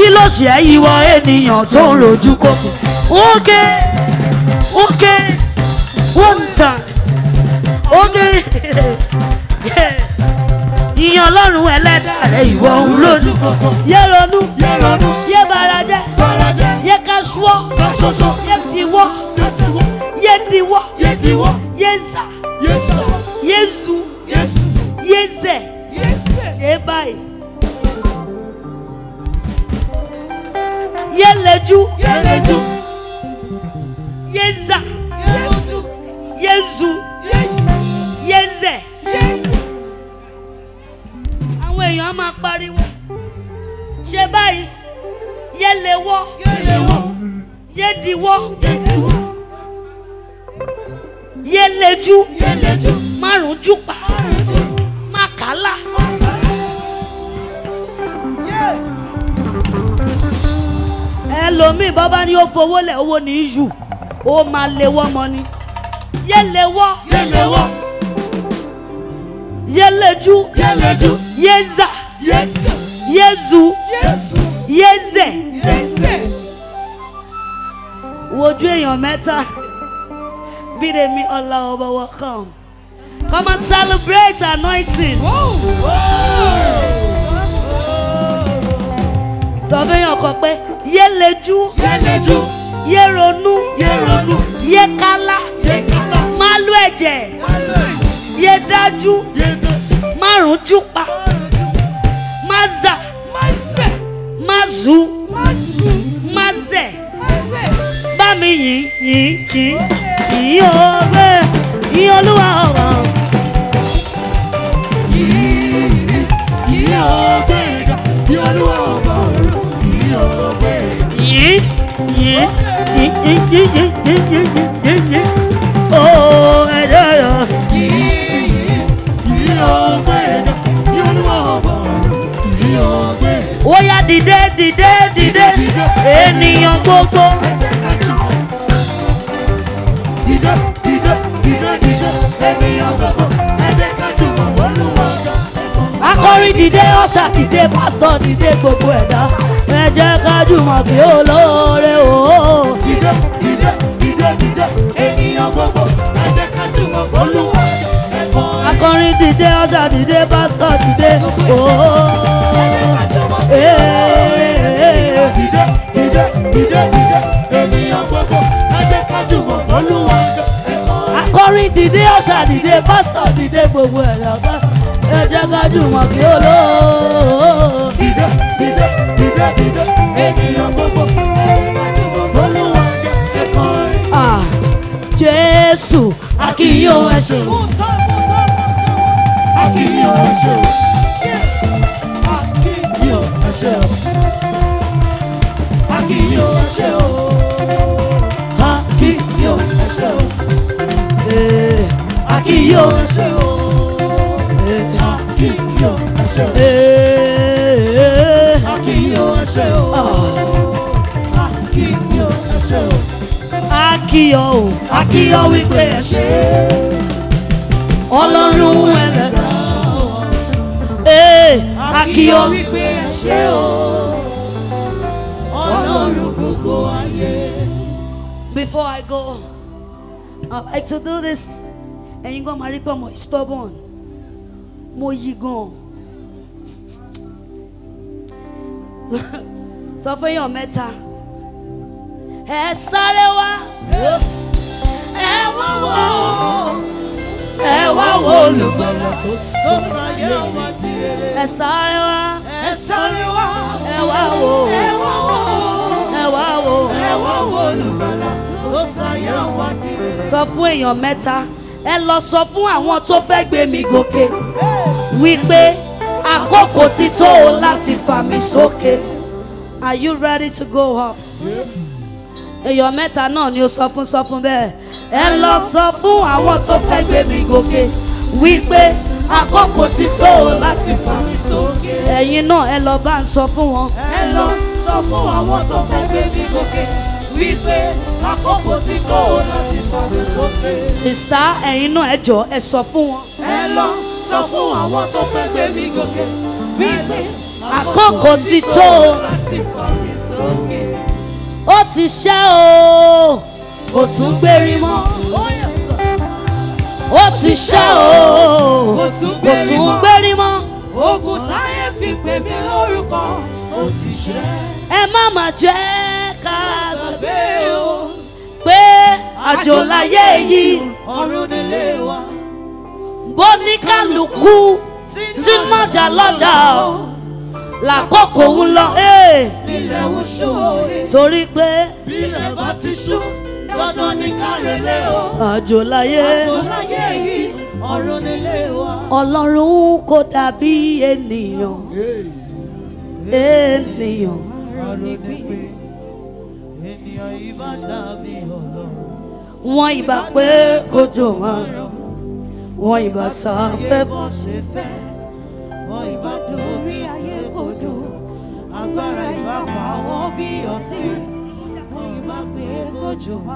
kí ló ṣe ẹ́ ìwọ ènìyàn tó ń rojú kókò. ókè ókè one time ókè ìyàn ọlọ́run ẹlẹ́dàá rẹ̀ ìwọ ń rojú kókò. yé ronú yé ronú yé barajẹ́ barajẹ́ yé kásúọ́ kásọ́sọ́ yé tiwọ́ kásọ́sọ́ yé diwọ́ yé diwọ́ yé zà yé sọ yé zu yé zẹ̀ ṣe báyìí. Yeleju. Yeleju. Yeza. Yezu. Yezu. Yeze. Àwọn èèyàn á máa pariwo. Ṣé báyìí? Yelewọ́. Yelewọ́. Yediwọ́. Yediwọ́. Yeleju. Yeleju. Márùn-ún jùpà. Márùn-ún jùpà. Màkàlà. ẹlòmíì bàbá ni ó fowó lẹ̀ owó ní yù ó máa léwọ́ mọ́ ni yé léwọ́ yé léwọ́ yé léjú yé léjú yé zà yé zà yé zu yé zu yé zẹ̀ yé zẹ̀ wojú èèyàn mẹ́ta Bídèmí ọlá ọba welcome come and celebrate anointing. Whoa, whoa sọ fẹ́yàn kan pé yé lejú yé lejú yé ronú yé ronú yé kálá yé kálá má lú ẹ̀jẹ̀ má lú ẹ̀jẹ̀ yé dájú yé dájú má rújú pa má zà má zẹ má zú má zú má zẹ má zẹ bá mi yìn yìn yìn yìn ó bẹ́ẹ̀ yìn olúwa ó. Oya dìde dìde dìde ènìyàn gbogbo. Dìde dìde dìde dìde ènìyàn gbogbo ẹ jẹ́ ká jùmọ̀ wọ́n lù wọ́n gan. Akọrin dìde ọ̀ṣà dìde pásítọ̀ dìde gbogbo ẹ̀dá ẹ jẹ́ ká jùmọ̀ kí ó lóore o. dìde dìde dìde dìde ènìyàn gbogbo ẹ jẹ́ ká jùmọ̀ akọrin dìde ọ̀ṣà dìde pásítọ̀ dìde o. akọrin dìde ọ̀ṣà dìde pásítọ̀ dìde gbogbo ẹ̀ lọ́gbà ẹ kí ó lóore o. dìde. Ah, Jésù akíyó ẹ ṣé o aqui eu ṣé o eu ẹ aqui o akíyó aqui eu o aqui eu ṣé o eh. akíyó ẹ o akíyó eh. akíyọ o akíyọ wípé ẹ ṣé ọlọ́run ẹlẹ́dá ee eh, akíyọ wípé ẹ ṣé o ọlọ́run gbogbo ayé. Before I go, I like to do this. Ẹ̀yin gan máa rí pé mo stubborn, mo yí gan. Sọ fún èèyàn mẹ́ta, ẹ sáré wá ẹ wá wò ẹ wá wò olùgbàlà tó sọ̀rọ̀ yẹ ọmọ ti rere ẹ sáré wá ẹ sáré wá ẹ wá wò ẹ wá wò ẹ wá wò ẹ wá wò olùgbàlà tó sọ̀rọ̀ ọmọ ti rere sọ fún èèyàn mẹ́ta ẹ lọ sọ fún àwọn tó fẹ́ gbé mi gòkè wípé àkókò ti tó o láti fà mí sókè. Are you ready to go up? Yes èèyàn mẹ́ta náà ni ó sọ fún sọ fún bẹ́ẹ̀ ẹ lọ sọ fún àwọn tó fẹ́ gbé mi gòkè wípé àkókò ti tó o láti fà mí sókè. ẹ̀yin náà ẹ lọ bá ń sọ fún wọn. ẹ lọ sọ fún àwọn tó fẹ́ gbé mi gòkè wípé àkókò ti tó o láti fà mí sókè. sista ẹ̀yin náà ẹ jọ ẹ sọ fún wọn. ẹ lọ sọ fún àwọn tó fẹ́ gbé mi gòkè wípé àkókò ti tó láti fà mí sókè ó ti ṣẹ́ o ó tún gbérí mọ́ ó ti ṣẹ́ o ó tún gbérí mọ́ ogun táyé fi pè mí lórúkọ ó ti ṣẹ́. ẹ má má jẹ́ ká gbàgbé o pé àjò láyé yìí ọ̀run nílé wa bó ní kálukú tí mọ̀jà lọ́jà o làkókò ń lọ. bílẹ̀ ń ṣú òye. torí pé. bílẹ̀ bá ti ṣú dandan ní kárẹ̀lẹ́ o. àjò láyé. àjò láyé yìí ọ̀run nílé wa. ọlọ́run kò dàbí ènìyàn. ènìyàn. ènìyàn ìbá dàbí ọlọ́run. wọ́n ìbá pé kójò máa rọ̀ wọ́n ìbá sá fẹ́ bọ́ ṣe fẹ́ wọ́n ìbá agbára ìbá pa ọwọ́ bí ọtí mo ìbá pé kó jò wá.